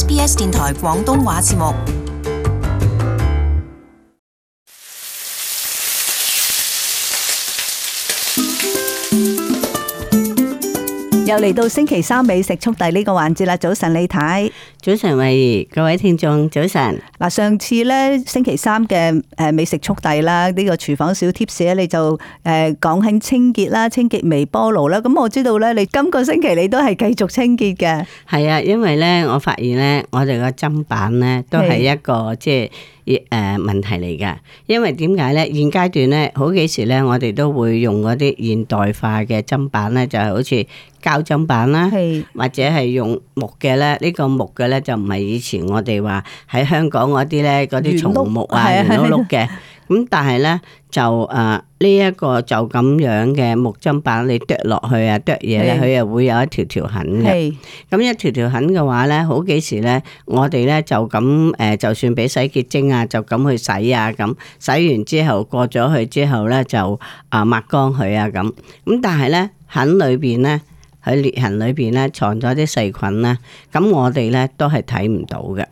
SBS 電台廣東話節目，又嚟到星期三美食速遞呢個環節啦！早晨你，李太。早晨，慧怡，各位聽眾，早晨。嗱，上次咧星期三嘅誒美食速遞啦，呢個廚房小貼士咧，你就誒講緊清潔啦，清潔微波爐啦。咁我知道咧，你今個星期你都係繼續清潔嘅。係啊，因為咧，我發現咧，我哋個砧板咧都係一個即係誒問題嚟噶。因為點解咧？現階段咧，好幾時咧，我哋都會用嗰啲現代化嘅砧板咧，就係好似膠砧板啦，係，或者係用木嘅咧，呢個木嘅咧。就唔係以前我哋話喺香港嗰啲咧，嗰啲松木啊，圓碌碌嘅鹿。咁的但係咧就誒呢一個就咁樣嘅木砧板，你剁落去啊，剁嘢咧，佢又的會有一條條痕嘅。咁的一條條痕嘅話咧，好幾時咧，我哋咧就咁誒、呃，就算俾洗潔精啊，就咁去洗啊，咁洗完之後過咗去之後咧，就啊抹乾佢啊，咁咁但係咧，痕裏邊咧。喺裂痕裏邊咧藏咗啲細菌啦。咁我哋咧都係睇唔到嘅。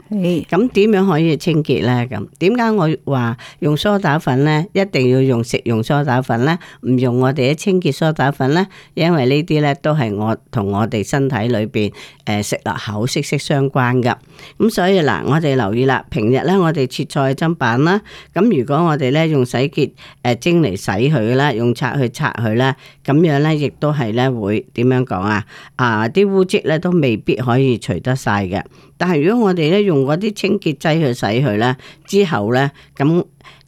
咁點樣可以清潔咧？咁點解我話用梳打粉咧，一定要用食用梳打粉咧，唔用我哋嘅清潔梳打粉咧？因為呢啲咧都係我同我哋身體裏邊誒食落口息息相關噶。咁所以嗱，我哋留意啦，平日咧我哋切菜砧板啦，咁如果我哋咧用洗潔誒精嚟洗佢啦，用刷去擦佢啦，咁樣咧亦都係咧會點樣講？啊！啲污漬咧都未必可以除得晒嘅，但係如果我哋咧用嗰啲清潔劑去洗佢咧，之後咧咁。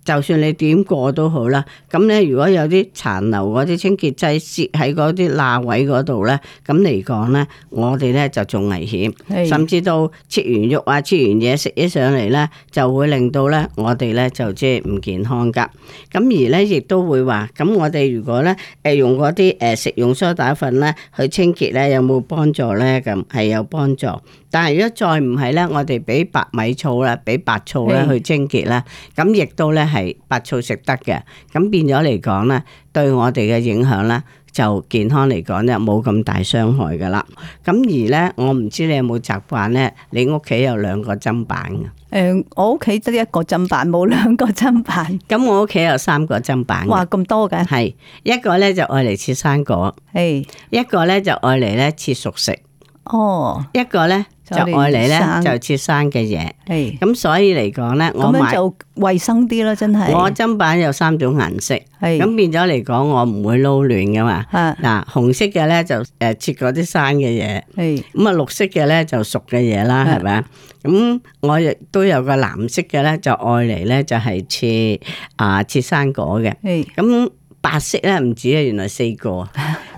就算你點過都好啦，咁咧如果有啲殘留嗰啲清潔劑蝕喺嗰啲罅位嗰度咧，咁嚟講咧，我哋咧就仲危險，的甚至到切完肉啊、切完嘢食起上嚟咧，就會令到咧我哋咧就即係唔健康噶。咁而咧亦都會話，咁我哋如果咧誒用嗰啲誒食用梳打粉咧去清潔咧，有冇幫助咧？咁係有幫助。但係如果再唔係咧，我哋俾白米醋啦，俾白醋咧去清潔啦，咁亦都咧係白醋食得嘅，咁變咗嚟講咧，對我哋嘅影響咧，就健康嚟講咧冇咁大傷害噶啦。咁而咧，我唔知你有冇習慣咧，你屋企有兩個砧板嘅？誒，我屋企得一個砧板，冇兩個砧板。咁我屋企有三個砧板。哇，咁多嘅？係一個咧就愛嚟切生果，係，一個咧就愛嚟咧切熟食，哦，一個咧，就愛嚟咧，生就切生嘅嘢。係咁是、嗯，所以嚟講咧，咁樣就衛生啲囉，真係。我砧板有三種顏色，係咁是變咗嚟講，我唔會撈亂噶嘛。啊，嗱，紅色嘅咧就誒切嗰啲生嘅嘢，係咁啊，綠色嘅咧就熟嘅嘢啦，係咪啊？咁我亦都有個藍色嘅咧，就愛嚟咧就係切啊切生果嘅，係咁是。嗯白色咧唔止啊，原來四個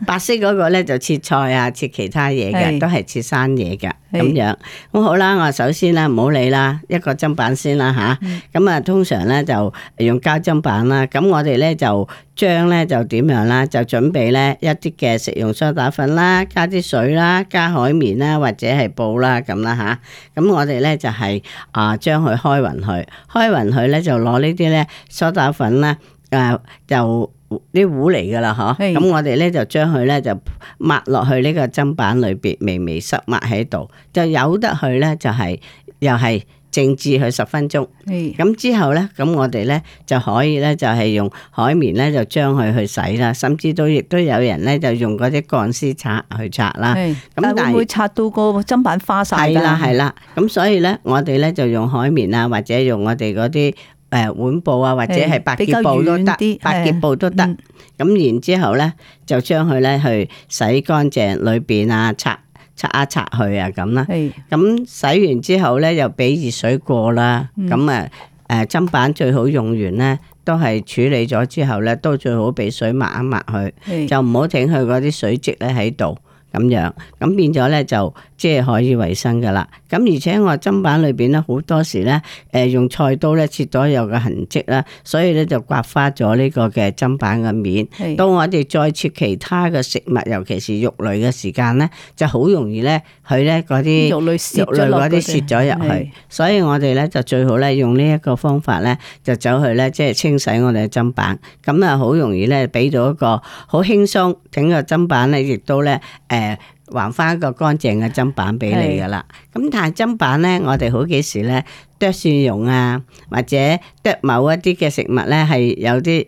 白色嗰個咧就切菜啊，切其他嘢嘅都係切生嘢噶咁樣。咁好啦，我首先咧唔好理啦，一個砧板先啦嚇。咁啊，通常咧就用膠砧板啦。咁我哋咧就將咧就點樣啦？就準備咧一啲嘅食用梳打粉啦，加啲水啦，加海綿啦或者係布啦咁啦嚇。咁我哋咧就係啊將佢開勻佢，開勻佢咧就攞呢啲咧梳打粉咧誒就。啲糊嚟噶啦，嗬，咁是我哋咧就將佢咧就抹落去呢個砧板裏邊，微微濕抹喺度，就由得佢咧就係、是、又係靜置佢十分鐘，咁是之後咧，咁我哋咧就可以咧就係用海綿咧就將佢去洗啦，甚至都亦都有人咧就用嗰啲鋼絲刷去刷啦。是但，但會唔會擦到個砧板花晒？係啦係啦，咁所以咧我哋咧就用海綿啊，或者用我哋嗰啲。誒、呃，碗布啊，或者係百潔布都得，百潔布都得。咁、嗯、然之後咧，就將佢咧去洗乾淨裏邊啊，擦擦啊擦去啊咁啦。咁是洗完之後咧，又俾熱水過啦。咁啊、嗯、誒、呃，砧板最好用完咧，都係處理咗之後咧，都最好俾水抹一抹去，是就唔好整佢嗰啲水漬咧喺度咁樣。咁變咗咧就。即係可以衛生嘅啦。咁而且我砧板裏邊咧好多時咧，誒用菜刀咧切咗有個痕跡啦，所以咧就刮花咗呢個嘅砧板嘅面。是的 到我哋再切其他嘅食物，尤其是肉類嘅時間咧，就好容易咧，佢咧嗰啲肉類、肉類嗰啲蝕咗入去。是的 所以我哋咧就最好咧用呢一個方法咧，就走去咧即係清洗我哋嘅砧板。咁啊，好容易咧俾到一個好輕鬆，整個砧板咧亦都咧誒。呃還翻一個乾淨嘅砧板俾你㗎啦，咁是的 但係砧板咧，我哋好幾時咧剁蒜蓉啊，或者剁某一啲嘅食物咧，係有啲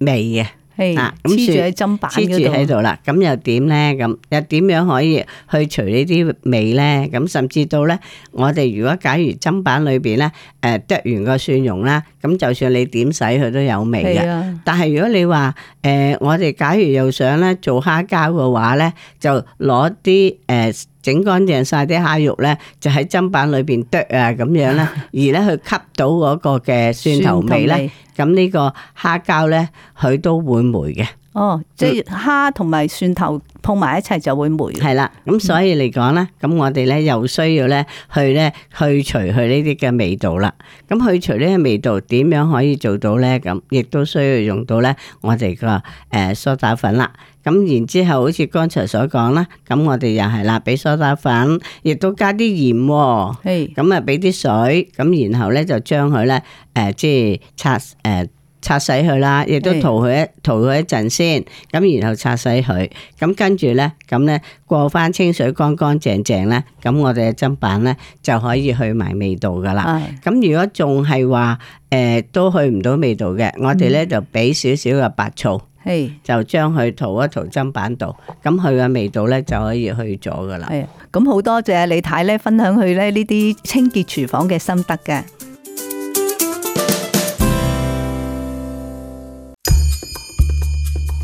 味嘅。咁黐住喺砧板黐住喺度啦，咁又點咧？咁又點樣可以去除呢啲味咧？咁甚至到咧，我哋如果假如砧板裏邊咧，誒剁完個蒜蓉啦，咁就算你點洗佢都有味嘅。的但係如果你話誒、呃，我哋假如又想咧做蝦膠嘅話咧，就攞啲誒。呃整乾淨晒啲蝦肉咧，就喺砧板裏邊剁啊咁樣咧， 而咧去吸到嗰個嘅蒜頭味咧，咁呢 味個蝦膠咧佢都會霉嘅。哦，即係蝦同埋蒜頭碰埋一齊就會霉。係啦、嗯，咁所以嚟講咧，咁我哋咧又需要咧去咧去除佢呢啲嘅味道啦。咁去除呢個味道，點樣可以做到咧？咁亦都需要用到咧我哋個誒蘇打粉啦。咁然之後，好似剛才所講啦，咁我哋又係啦，俾梳打粉，亦都加啲鹽。係是。咁啊，俾啲水，咁然後咧就將佢咧誒，即係擦誒。呃擦洗佢啦，亦都塗佢一塗佢一陣先，咁然後擦洗佢，咁跟住咧，咁咧過翻清水，乾乾淨淨咧，咁我哋嘅砧板咧就可以去埋味道噶啦。咁如果仲係話誒都去唔到味道嘅，我哋咧就俾少少嘅白醋，係、哎、就將佢塗一塗砧板度，咁佢嘅味道咧就可以去咗噶啦。係咁好多謝李太咧分享佢咧呢啲清潔廚房嘅心得嘅。